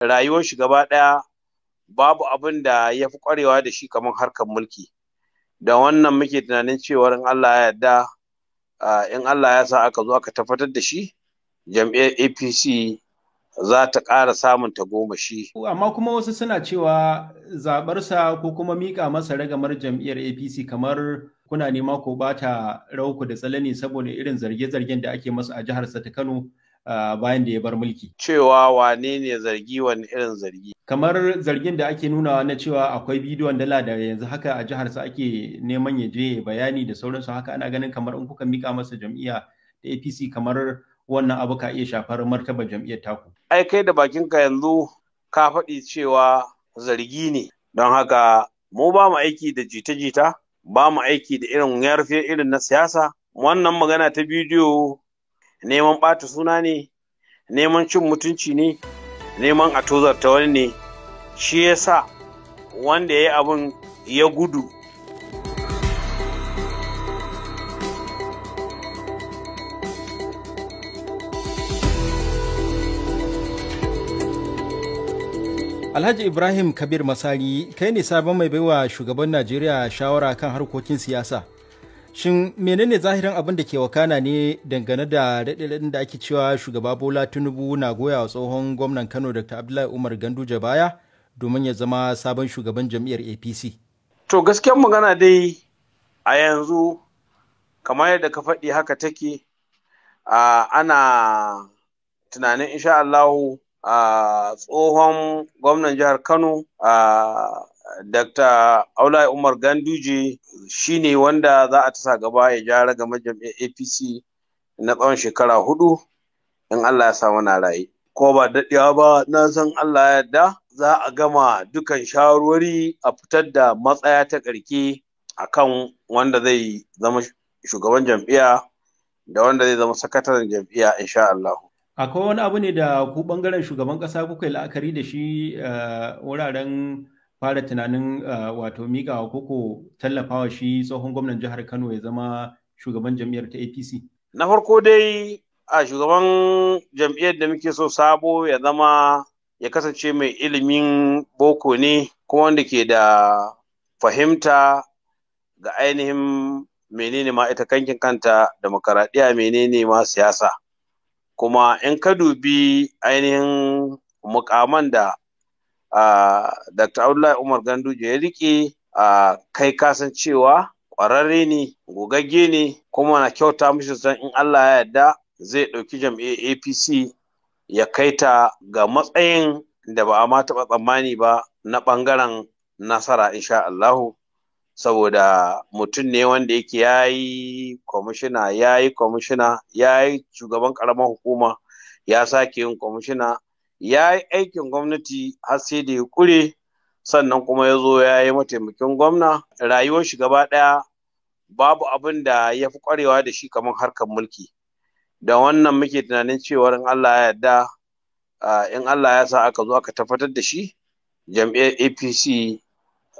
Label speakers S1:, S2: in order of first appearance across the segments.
S1: rayuwar shi gaba ɗaya babu abin da ya fi ƙwarewa da shi kamar harkar mulki da wannan muke tunanin cewar in Allah ya yarda in Allah ya sa aka zo aka tabbatar da shi jam'iyyar APC za ta ƙara samun ta goma shi.
S2: Amma kuma wasu suna cewa zaɓarsa ko kuma miƙa masa ragamar jam'iyyar APC kamar kuna nema ko ba rauku da tsalani saboda irin zarge-zargen da ake masa a jihar ta Kano bayan da ya bar mulki. Cewa wane ne zargi wani irin zargi? Kamar zargin da ake nunawa na cewa akwai bidiyon dala da yanzu haka a jiharsa ake neman ya je bayani da sauransu haka ana ganin kamar in kuka mika masa jam'iyya da APC kamar wannan abu ka iya shafar martaba jam'iyyar taku.
S1: Ai kai da ka yanzu ka faɗi cewa zargi ne don haka mu ba mu aiki da jita-jita ba mu aiki da irin yarfe irin na siyasa wannan magana ta bidiyo neman ɓata suna ne neman cin mutunci ne neman a tozarta wani ne shi ya sa wanda ya yi abin ya gudu
S2: Alhaji Ibrahim Kabir Masari kai ne sabon mai baiwa shugaban Najeriya shawara kan harkokin siyasa. Shin menene zahirin abin da ke wakana ne dangane da daɗaɗin da ake cewa shugaba Bola Tinubu na goya wa tsohon gwamnan Kano Dr. Abdullahi Umar Ganduje baya domin ya zama sabon shugaban jam'iyyar APC? To gaskiyar magana dai
S1: a yanzu kamar yadda ka faɗi haka take ana tunanin insha Allahu tsohon gwamnan jihar Kano Dr. Aula Umar Ganduje shi ne wanda za a tasa gaba ya ja ragamar jam'iyyar APC na tsawon shekara hudu in Allah ya sa na raye. Ko ba daɗewa ba na san Allah ya yarda za a gama dukan shawarwari a fitar da matsaya ta ƙarke kan wanda zai zama shugaban jam'iyya da wanda zai zama sakataren jam'iyya insha Allah.
S2: Akwai wani abu ne da ku ɓangaren shugaban ƙasa kuka yi la'akari da shi eh, wuraren fara tunanin ah, wato miƙawa koko tallafawa shi tsohon gwamnan jihar Kano ya zama shugaban jam'iyyar ta APC? Na farko
S1: dai a shugaban jam'iyyar da muke so sabo ya zama ya kasance mai ilimin boko ne kuma wanda ke da fahimta ga ainihin menene ma ita kankin kanta demokaradiyya menene ma siyasa kuma in ka dubi ainihin mukaman da Dr. Abdullahi Umar Ganduje ya rike kai kasan cewa ƙwararre ne gogagge ne kuma na kyauta mishi san in Allah ya yarda zai ɗauki jam'iyyar APC ya kai ta ga matsayin da ba a ma taɓa tsammani ba na ɓangaren nasara insha Allahu saboda mutum ne wanda yake ya yi kwamishina ya yi kwamishina ya yi shugaban ƙaramar hukuma ya sake yin kwamishina ya yi aikin gwamnati har sai da ya kure sannan kuma ya zo ya yi mataimakin gwamna rayuwar shi gaba ɗaya babu abin da ya fi kwarewa da shi kamar harkar mulki da wannan muke tunanin cewar in Allah ya yarda in Allah ya sa aka zo aka tabbatar da shi jam'iyyar APC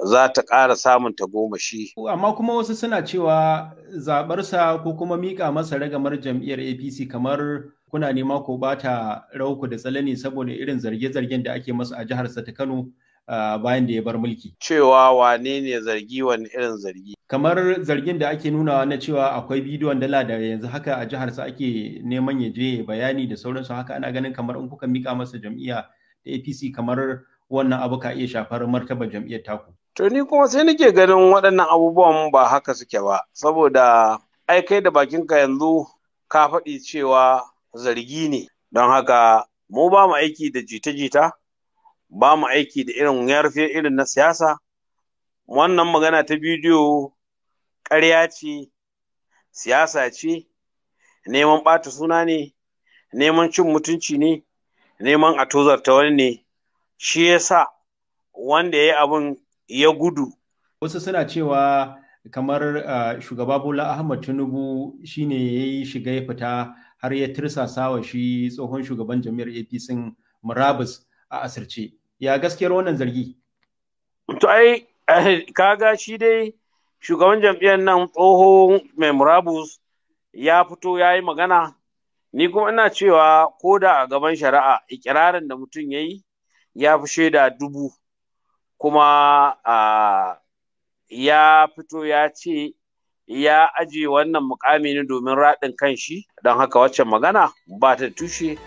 S1: za ta ƙara samun ta
S2: shi. Amma kuma wasu suna cewa zaɓarsa ko kuma miƙa masa ragamar jam'iyyar APC kamar kuna nema ko ba ta rauku da tsalani saboda irin zarge-zargen da ake masa a jihar ta Kano bayan da ya bar mulki. Cewa wane ne zargi wani irin zargi? Kamar zargin da ake nuna na cewa akwai bidiyon dala da yanzu haka a jihar sa ake neman ya je bayani da sauransu haka ana ganin kamar in kuka mika masa jam'iyya da APC kamar wannan abu ka iya shafar martaba jam'iyyar taku.
S1: To ni kuma sai nake ganin waɗannan abubuwan ba haka suke ba saboda ai kai da bakinka yanzu ka faɗi cewa zargi ne don haka mu ba mu aiki da jita-jita ba mu aiki da irin yarfe irin na siyasa wannan magana ta bidiyo ƙarya ce siyasa ce neman ɓata suna ne neman cin mutunci ne neman a tozarta wani ne shi yasa wanda ya yi abin ya gudu
S2: wasu suna cewa kamar ah, shugaba bola ahmad tinubu shine ya yi shiga ya fita har ya tirsasa wa shi tsohon shugaban jami'ar APC Murabus a asirce. Ya gaskiyar wannan zargi? To ai kaga shi dai
S1: shugaban jam'iyyar nan tsoho mai murabus ya fito ya yi magana ni kuma ina cewa ko da a gaban shari'a ikirarin da mutum ya yi ya fi shaida dubu kuma ya fito ya ce ya aje wannan mukami ne domin raɗin kan shi don haka waccan magana ba ta tushe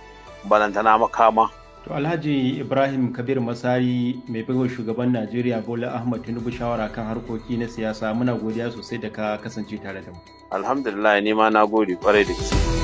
S1: balantana makama.
S2: To Alhaji Ibrahim Kabir Masari mai baiwa shugaban Najeriya Bola Ahmad Tinubu shawara kan harkoki na siyasa muna godiya sosai da ka kasance tare da mu.
S1: Alhamdulillah ni ma na gode kwarai da gaske.